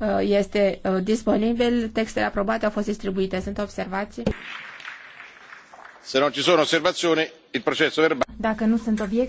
Uh, este uh, disponibil. Textele aprobate au fost distribuite. Sunt observații? Se non ci sono osservazioni, il processo verbale. Dacă nu sunt obiecte